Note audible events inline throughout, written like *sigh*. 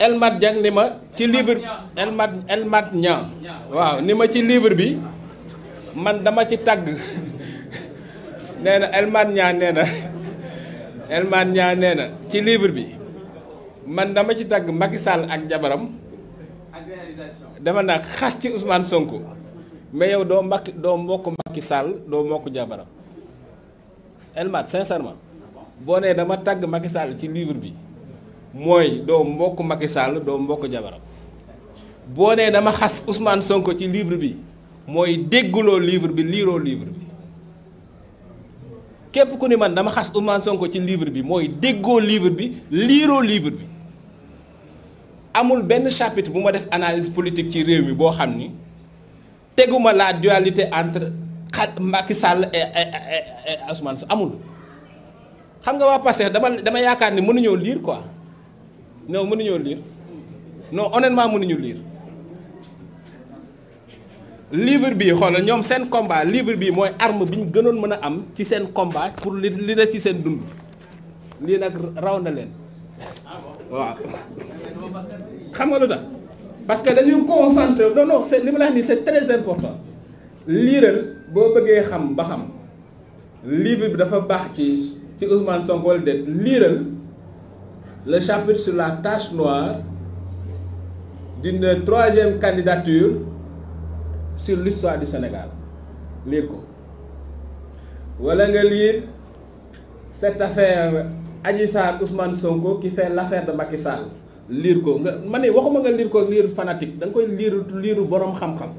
Elmat Dieng ni ma ci livre Elmat Elmat Niang waaw ni ma ci libre bi man dama ci tàgg *laughs* nee na Elmat Niang nee na *laughs* Elmat ci libre bi man dama ci tàgg Macky Sall ak jabaram dama naa xas ci Ousmane sonk mais yow doo Macky doo mbokk Macky Sall doo mbokk jabaram Elmat sincèrement boo nee dama tàgg Macky Sall ci livre bi mooy doo mbokk Macky Sall doo mbokk jabaram boo nee dama xas Ousmane Sonko ci livre bi mooy dégguloo livre bi liiroo livre bi képp ku ni man dama xas Ousmane Sonko ci livre bi mooy déggoo livre bi liiroo livre bi amul benn chapitre bu ma def analyse politique ci réew mi boo xam ni teguma la dualité entre xa Macky Sall et et amul xam nga waa Pastef dama dama yaakaar ni mënuñoo lire quoi. non mënuñoo lire non honnêtement mënuñu lire livre bii xoolal ñoom seen combat livre bii mooy arme bi ñu gënoon mën a am ci seen combat pour li li des ci seen dund lii nag raw na leen waaw xam nga lu tax parce que dañuy concentré non non c'est li ma la wax nii c'est très important liiral boo bëggee xam ba xam livre bi dafa baax ci ci Ousmane Sonko wala liiral. le chapitre sur la tache noire d'une troisième candidature sur l'histoire du Sénégal lire ko wala nga lire cette affaire Adji Sarr Ousmane Sonko qui fait l'affaire de Macky liir ko nga ma ne waxuma nga liir ko lire fanatique da nga koy lire liiru boroom xam-xam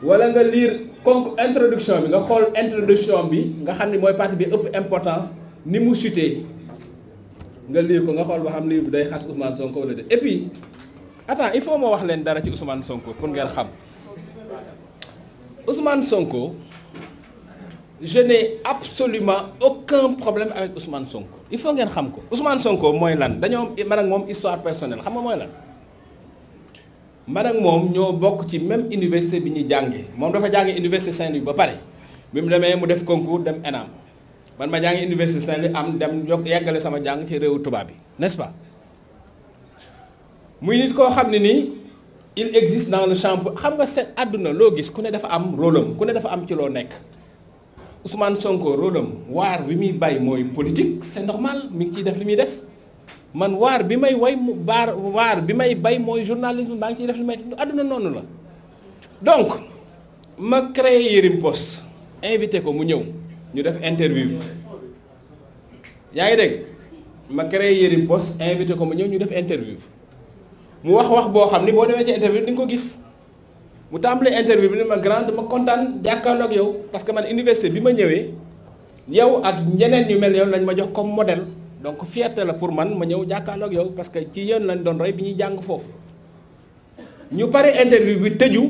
wala nga liir kon introduction bi nga xool introduction bi nga xam ni mooy partie bi ëpp importance ni mu chuté nga lii ko nga xool ba xam lii bi day xas Ousmane Sonko wala de et puis il faut moo wax leen dara ci Ousmane Sonko pour ngeen xam Ousmane Sonko je n'ai absolument aucun problème avec Ousmane Sonko il faut ngeen xam ko Ousmane Sonko mooy lan dañoo man ak moom histoire personnel xam nga mooy lan man ak moom ñoo bokk ci même université bi ñuy jàngee moom dafa jàngee université Saint-Louis ba pare bi mu demee mu def concours dem ENAM man ma jàng université saint ne am dem yokk yeggale sama jàng ci réewu tubaab bi n'est-ce muy nit koo xam ne nii il existe dans le champ xam nga seen àdduna loo gis ku ne dafa am rôle ku ne dafa am ci loo nekk Ousmane Sonko rôle am waar bi muy bay mooy politique c'est normal mi ngi ciy def li muy def man waar bi may woy mu baar waar bi may bay mooy journalisme maa ngi ciy def li may àdduna noonu la donc ma créé Yérim Post invité ko mu ñëw. ñu def interview yaa ngi dégg ma créé Yérim Post invité ko mu ñëw ñu def interview mu wax wax boo xam ni boo demee ci interview di nga ko gis mu tàmbali interview bi ni ma grande ma kontaan jàkkaarloo yow parce que man université bi ma ñëwee yow ak ñeneen ñu mel yow lañu ma jox comme modèle donc fierté la pour man ma ñëw jàkkaarloo yow parce que ci yéen lañu doon rey bi ñuy jàng foofu ñu pare interview bi tëju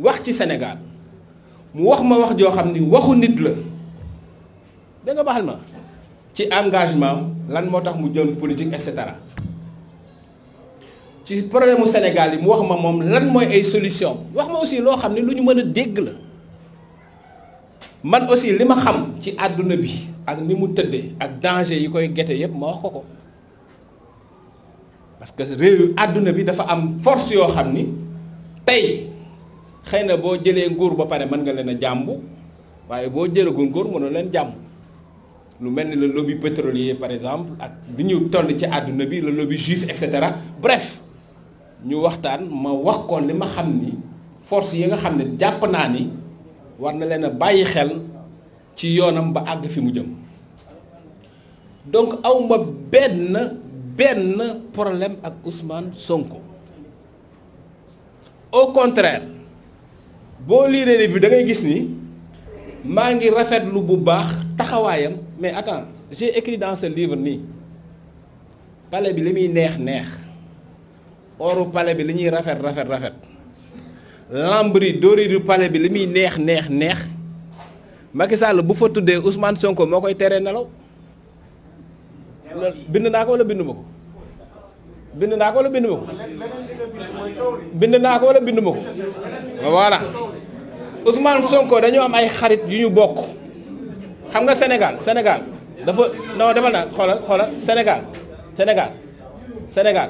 wax ci senegal mu wax ma wax joo xam ni waxu nit la. da nga baal ma ci engagement lan moo tax mu jon politique et cetera ci problème mu Sénégal yi mu wax ma moom lan mooy ay solution wax ma aussi loo xam ne lu ñu mën a dégg la man aussi li ma xam ci àdduna bi ak ni mu tëddee ak danger yi koy gete yëpp ma wax ko ko parce que réew àdduna bi dafa am force yoo xam ni tey xëy na boo jëlee nguur ba pare mën nga leen a jàmbu waaye boo jëlee jëlagul nguur mënoo leen jàmbu lu mel ni le lobby pétrolier par exemple ak bi ñu toll ci àdduna bi le lobby juif et cetera bref ñu waxtaan ma wax ko li ma xam ni force yi nga xam ne jàpp naa ni war na leen bàyyi xel ci yoonam ba àgg fi mu jëm donc awma benn benn problème ak Ousmane Sonko au contraire boo liiree bi da ngay gis ni maa ngi rafetlu bu baax taxawaayam. mais attends j'ai écrit dans ce livre nii pale bi li muy neex neex oru pale bi li ñuy rafet rafet rafet lambri doriru pale bi li muy neex neex neex Macky bu fa tuddee Ousmane Sonko moo koy teree nelaw bind naa ko wala bindu ma ko bind naa ko wala bind ma ko bind naa ko wala bind ma ko voilà Ousmane Sonko dañoo am ay xarit yu ñu bokk xam nga Sénégal Sénégal dafa non demal naa xoolal xoolal Sénégal Sénégal Sénégal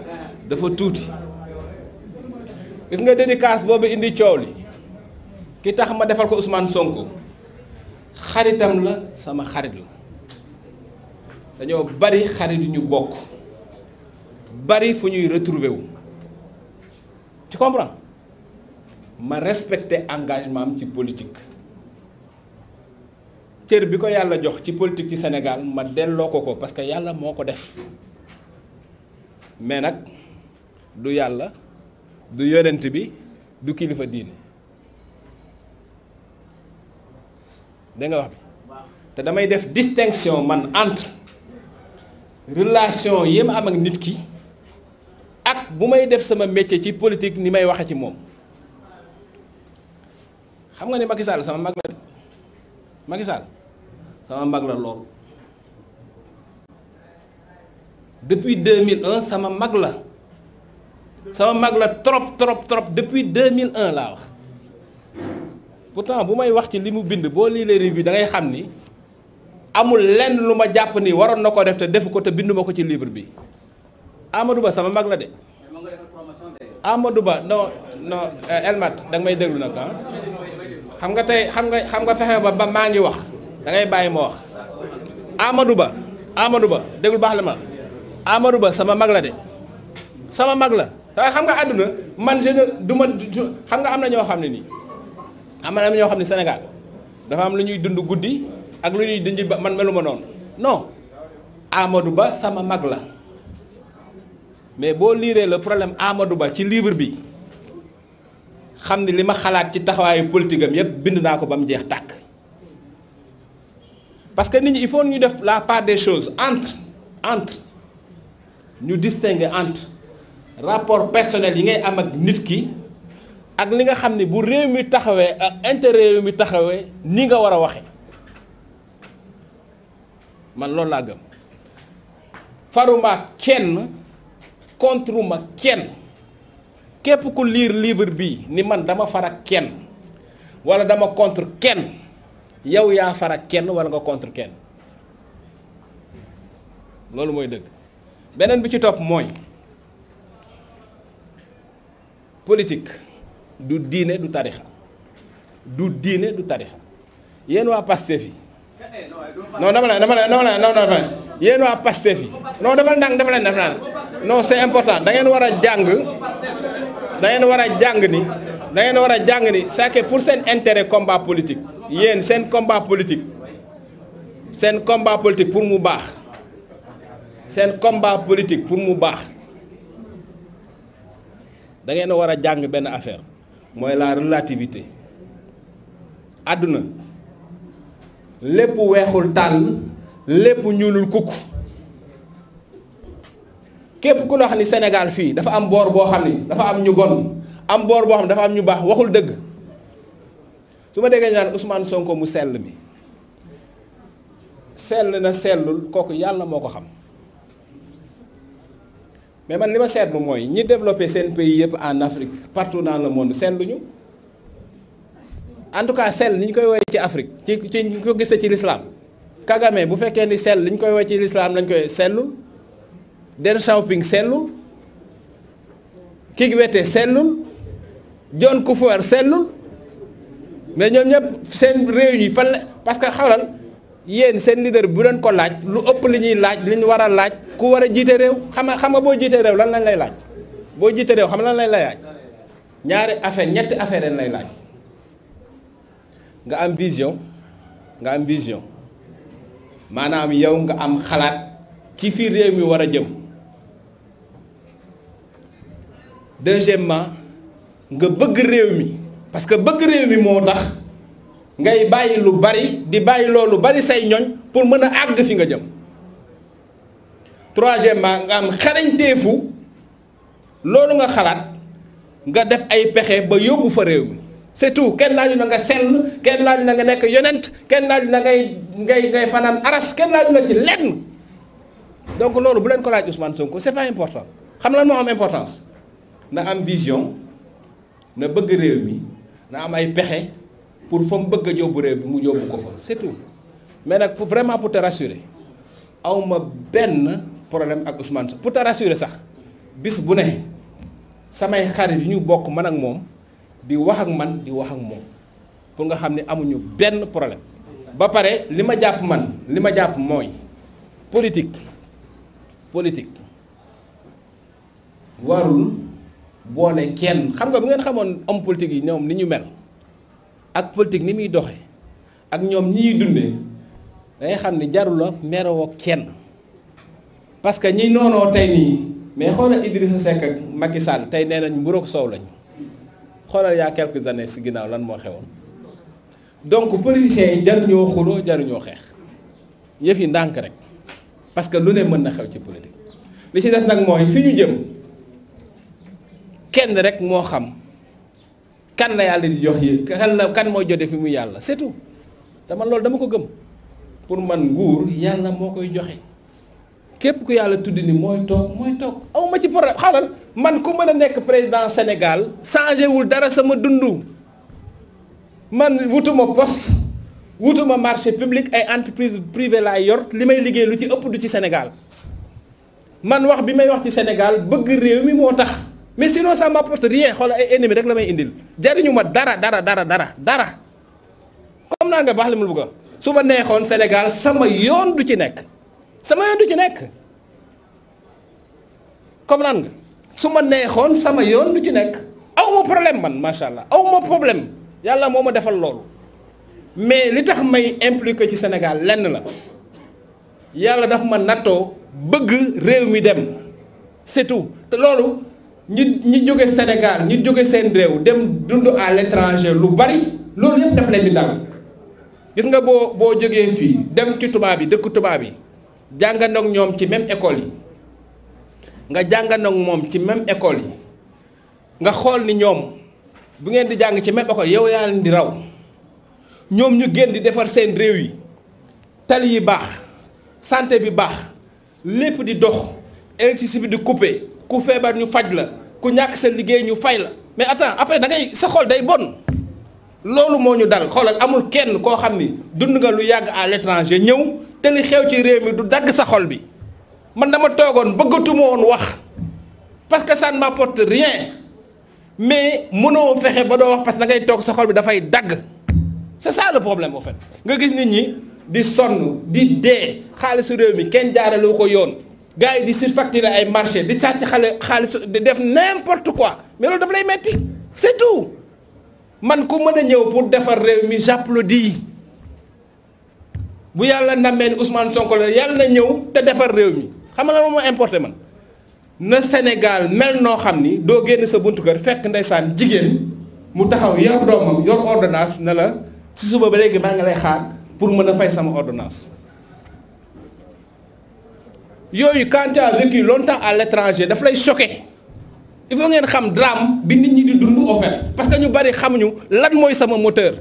dafa tuuti gis nga dédicace boobu indi coow li ki tax ma defal ko Ousmane Sonko xaritam la sama xarit la dañoo bari xarit yu ñu bokk bari fu ñuy retrouver wu tu comprends ma respecter engagement ci politique cër bi ko yàlla jox ci politique ci Sénégal ma delloo ko ko parce que yàlla moo ko def mais nag du yàlla du yonent bi du kilifa diine danga wax bi te damay def distinction man entre relation yi am ak nit ki ak bu may def sama métier ci politique ni may waxe ci moom xam nga ne Macky Sall sama mag la sama mag la lool depuis 2001 sama mag la sama mag la trop trop trop depuis 2001 laa wax pourtant bu may wax ci li mu bind boo lii les revues da ngay xam ni amul lenn lu ma jàpp ni waroon na ko def te defu ko te binduma ko ci libre bi Amadou sama mag la de. Amadou Ba non euh, Elmat da may déglu nag ah xam nga tey xam nga xam nga fexe ba ba maa ngi wax. dangay bàyyi ma wax Amadou Ba Amadou Ba déglu baax la ma Amadou Ba sama mag la de sama mag la da xam nga àdduna man je am na ñoo xam ne nii am na ñoo xam ne Sénégal dafa am lu ñuy dund guddi ak lu ñuy dund ba man meluma noonu non Amadou Ba sama mag la mais boo liiree la problème aamadu Ba ci livre bi xam ni li ma xalaat ci taxawaayu politique am bind naa ko ba mu jeex tàkk. parce que nit ñi il faut ñu def la part de choses entre entre ñu distinguer entre rapport personnel yi ngay am ak nit ki ak li nga xam ni bu réew mi taxawee ak intérêt mi taxawee ni nga war a waxee man loolu laa gëm faruma kenn contre ma kenn képp ku liir libre bi ni man dama far ak kenn wala dama contre kenn yow yaa far kenn wala nga contre kenn loolu mooy dëgg beneen bi ci topp mooy politique du diine du tarixa du diine du tarixa yéen waa Pastef yi non dama la dama la dama la dama yéen waa Pastef yi non dama ndànk dama leen def naan non c'est important da ngeen war a jàng da ngeen war a jàng ni. dangeen ngeen war a jàng ni c'est pour seen intérêt combat politique yéen seen combat politique seen combat pour mu baax seen combat politique pour mu baax da ngeen war a jàng benn affaire mooy la relativité àdduna lépp weexul tànn lépp ñuulul kukk képp ku la wax ni Sénégal fii dafa am boor boo xam ni dafa am ñu bon am boor boo xam dafa am ñu baax waxul dëgg su ma déggee ñaan Ousmane Sonko mu sell mi sell na sellul kooku yàlla moo ko xam mais man li ma seetlu mooy ñi développé seen pays yëpp en Afrique partout dans le monde selluñu en tout cas sell ni ñu koy woowee ci Afrique ci ci ñu ko gisee ci l'islam Kagame bu fekkee ni sell li ñu koy woowee ci l'islam lañ koy sellul Deng Xiaoping sellul Kikwete sellul. John Kufuor sellul mais ñoom ñëpp seen réunion fan la parce que xawlal yéen seen leader bu leen ko laaj lu ëpp li ñuy laaj li ñu war a laaj ku war a jiite réew xam nga xam nga boo jiite réew lan lañ lay laaj boo jiite réew xam lan lañ lay laaj ñaari affaire ñetti affaire lañ lay laaj nga am vision nga am vision maanaam yow nga am xalaat ci fii réew mi war a jëm deuxièmement nga bëgg réew mi parce que bëgg réew mi moo tax ngay bàyyi lu bari di bàyyi loo lu bari say ñoñ pour mën a àgg fi nga jëm troisièmement nga am xarañteefu loolu nga xalaat nga def ay pexe ba yóbbu fa réew mi c'est tout kenn laaju na nga sell kenn laaju na nga nekk yonent kenn laaju na ngay ngay ngay fanaan aras kenn laaju na ci lenn donc loolu bu leen ko laaj Ousmane Sonko c'est pas important xam lan moo am importance na am vision na bëgg réew mi na am ay pexe pour fa mu bëgg a yóbbu réew bi mu yóbbu ko fa c'est tout mais nag pour vraiment pour te rassurer awma benn problème ak Ousmane pour te rassurer sax bis bu ne samay xarit yu ñu bokk man ak moom di wax ak man di wax ak moom pour nga xam ni amuñu benn problème ba pare li ma jàpp man li ma jàpp mooy politik politique warul boole kenn xam nga bu ngeen xamoon homme politique yi ñoom ni ñu mel ak politique ni muy doxe ak ñoom ñi ñuy dundee dangay xam ne jarul la meroo kenn parce que ñi noonoo tey nii mais xoolal Idrissa Seck ak Macky Sall tey nee nañ mburoog soow lañ xoolal yaa quelques années si ginnaaw lan moo xewoon donc politiciens yi jaruñoo xuloo jaruñoo xeex yëf yi ndànk rek parce que lu ne mën na xew ci politique li si des nag mooy fi ñu jëm kenn rek moo xam kan la yàlla di jox yi kan la kan mooy jote fi mu yàlla c'est dama loolu dama ko gëm pour man nguur yàlla moo koy joxe képp ku yàlla tudd ni mooy toog mooy toog aw ma ci problème xawal man ku mën a nekk président Sénégal changé wul dara sama dundu man wutuma poste wutuma marché public ay entreprise privée laay yor li may liggéey lu ci ëpp du ci Sénégal man wax bi may wax ci Sénégal bëgg réew mi moo tax mais sinon ça m'apporte rien xool ay ennemis rek la may indil jariñu ma dara dara dara dara dara xam naa nga baax li mu bëgg su ma neexoon Sénégal sama yoon du ci nekk sama yoon du ci nekk comme naan nga su ma neexoon sama yoon du ci nekk aw ma problème man macha allah aw ma problème yàlla moo ma defal loolu mais li tax may impliqué ci Sénégal lenn la yàlla daf ma nattoo bëgg réew mi dem c'est loolu. ñi ñi jóge Sénégal ñi jóge seen réew dem dund à l'étranger lu bari loolu yëpp daf leen di dal gis nga boo boo jógee fii dem ci tubaab yi dëkk tubaab yi jàngandoog ñoom ci même école yi nga jàngandoog moom ci même école yi nga xool ni ñoom bu ngeen di jàng ci même école yow yaa leen di raw ñoom ñu génn di defar seen réew yi tali yi baax santé bi baax lépp di dox électricité bi di coupé. ku feebar ñu faj la ku ñàkk sa liggéey ñu fay la mais attends après dangay ngay sa xol day bon loolu moo ñu dal xoolal amul kenn koo xam ni dund nga lu yàgg à l'étranger ñëw te li xew ci réew mi du dagg sa xol bi man dama toogoon bëggatuma woon wax parce que ça ne m'apporte rien mais mënoo fexe ba doo wax parce que da ngay toog sa xol bi dafay dagg c'est ça le problème au fait nga gis nit ñi di sonn di dee xaalisu réew mi kenn jaarale ko yoon. gars yi di surfacturer ay marché di sàcc xale xaalis di def n'importe quoi mais loolu daf lay metti c'est man ku mën a ñëw pour defar réew mi di bu yàlla namee ni Ousmane Sonko la yàlla na ñëw te defar réew mi xam nga la moo importé man na Sénégal mel noo xam ni doo génn sa buntu kër fekk ndeysaan jigéen mu taxaw yor doomam yor ordonnance na la si suba ba léegi maa ngi lay xaar pour mën a fay sama ordonnance yooyu quand tu as vécu tax à l'étranger dafa lay choqué il faut ngeen xam drame bi nit ñi di dund au fait parce que ñu bari xamuñu lan mooy sama moteur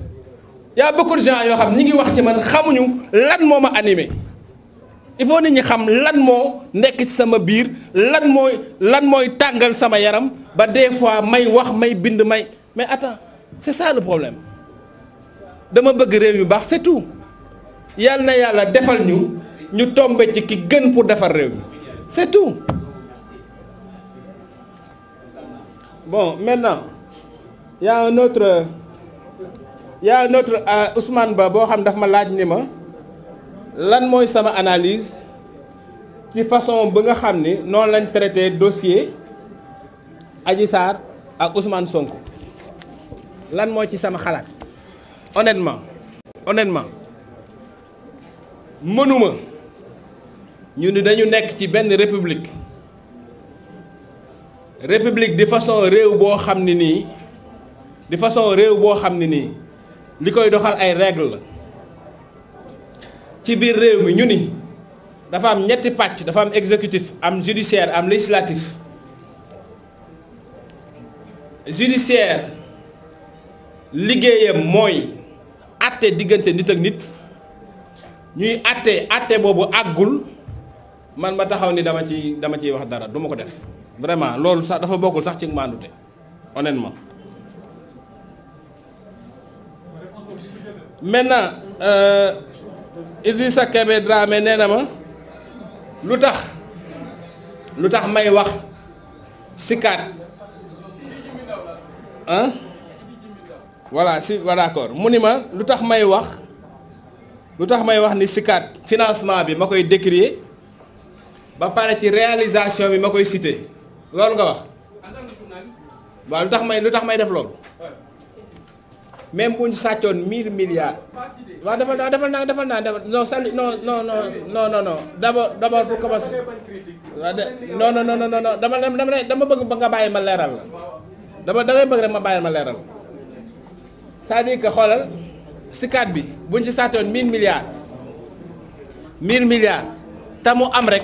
yaa a beaucoup yoo xam ñi ngi wax ci man xamuñu lan moo ma animé il faut nit ñi xam lan moo nekk ci sama biir lan mooy lan mooy tàngal sama yaram ba des fois may wax may bind may mais attends c'est ça le problème dama bëgg réew yu baax c'est tout yàlla na yàlla defal ñu. ñu tombe ci ki gën pour defar réew mi c'est bon maintenant y a un autre y a un autre euh, Ba boo xam daf ma laaj ni ma lan mooy sama analyse ci façon ba nga xam ni noonu lañ traité dossier aji Sarr ak usmaan sonk lan mooy ci sama xalaat honnêtement honnêtement mënuma ñu ni dañu nekk ci benn république république di façon réew boo xam ne nii di façon réew boo xam ne nii li koy doxal ay règle la ci biir réew mi ñu ni dafa am ñetti pàcc dafa am executif am judiciaire am législatif judiciaire liggéeyam mooy àtte diggante nit ak nit ñuy àtte àtte boobu àggul man ma taxaw ni dama ci dama ciy wax dara duma ko def vraiment loolu sax dafa bokkul sax ci maandute ma maintenant euh, Idrissa Kébé Dramé nee na ma lu tax lu tax may wax sikaat ah voilà si voilà d'accord mu ni ma lu tax may wax lu tax may wax ni sikaat financement bi ma koy décrier ba pare ci réalisation bi ma koy cité loolu nga wax waaw lu tax may lu tax may def loolu même bu ñu sàccoon mille milliards waaw dafa naa dafa naa dafa naa dafa non sali non non non non non non dama dama bëgg ba nga bàyyi ma leeral la dama dangay bëgg rek ma bàyyi ma leeral cest à xoolal SICAD bi bu ñu ci sàccoon mille milliards mille milliards te mu am rek.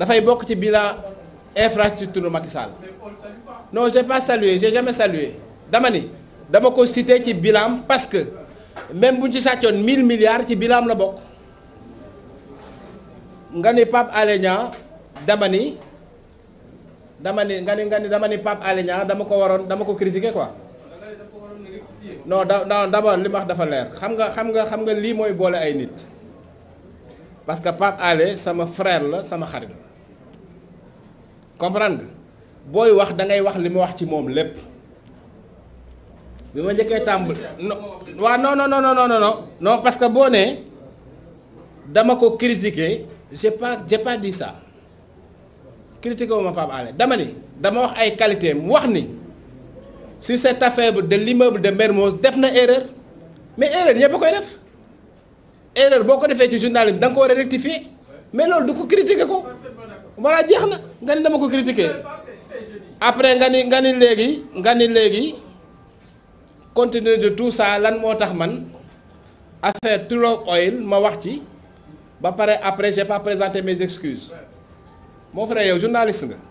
dafay bokk ci bilan infrastructure Macky Sall non j'ai pas salué jamais salué dama ni dama ko cité ci bilan parce que même buñ ci sàccoon 1000 milliards ci bilan la bokk nga ni Pape Alé Niang dama ni dama ni nga ni nga ni dama ni Pape Alé Niang dama ko waroon dama ko critiquer quoi non da non d'abord li dafa leer xam nga xam nga xam nga lii mooy boole ay nit parce que Pape Alé sama frère la sama xarit comprend nga booy wax da ngay wax li ma wax ci moom lépp bi ma njëkkee tàmbali non waaw no non non non non non parce que boo nee dama ko critiquer j'ai pas j'ai pas dit ça critiqué wu dama ni dama wax ay qualité mu wax ni sur cette affaire de l'immeuble de Mermoz def na erreur mais erreur ñëpp a koy def erreur boo ko defee ci journalisme da nga ko war a rectifier mais loolu du ko critiquer ko. voilà jeex na nga ni dama ko critiquer après nga ni nga ni léegi nga ni léegi continuer de tout ça lan moo tax man affaire Tullow Oil ma wax ci ba pare après j'ai pas présenté mes excuses mon frère yow journaliste nga.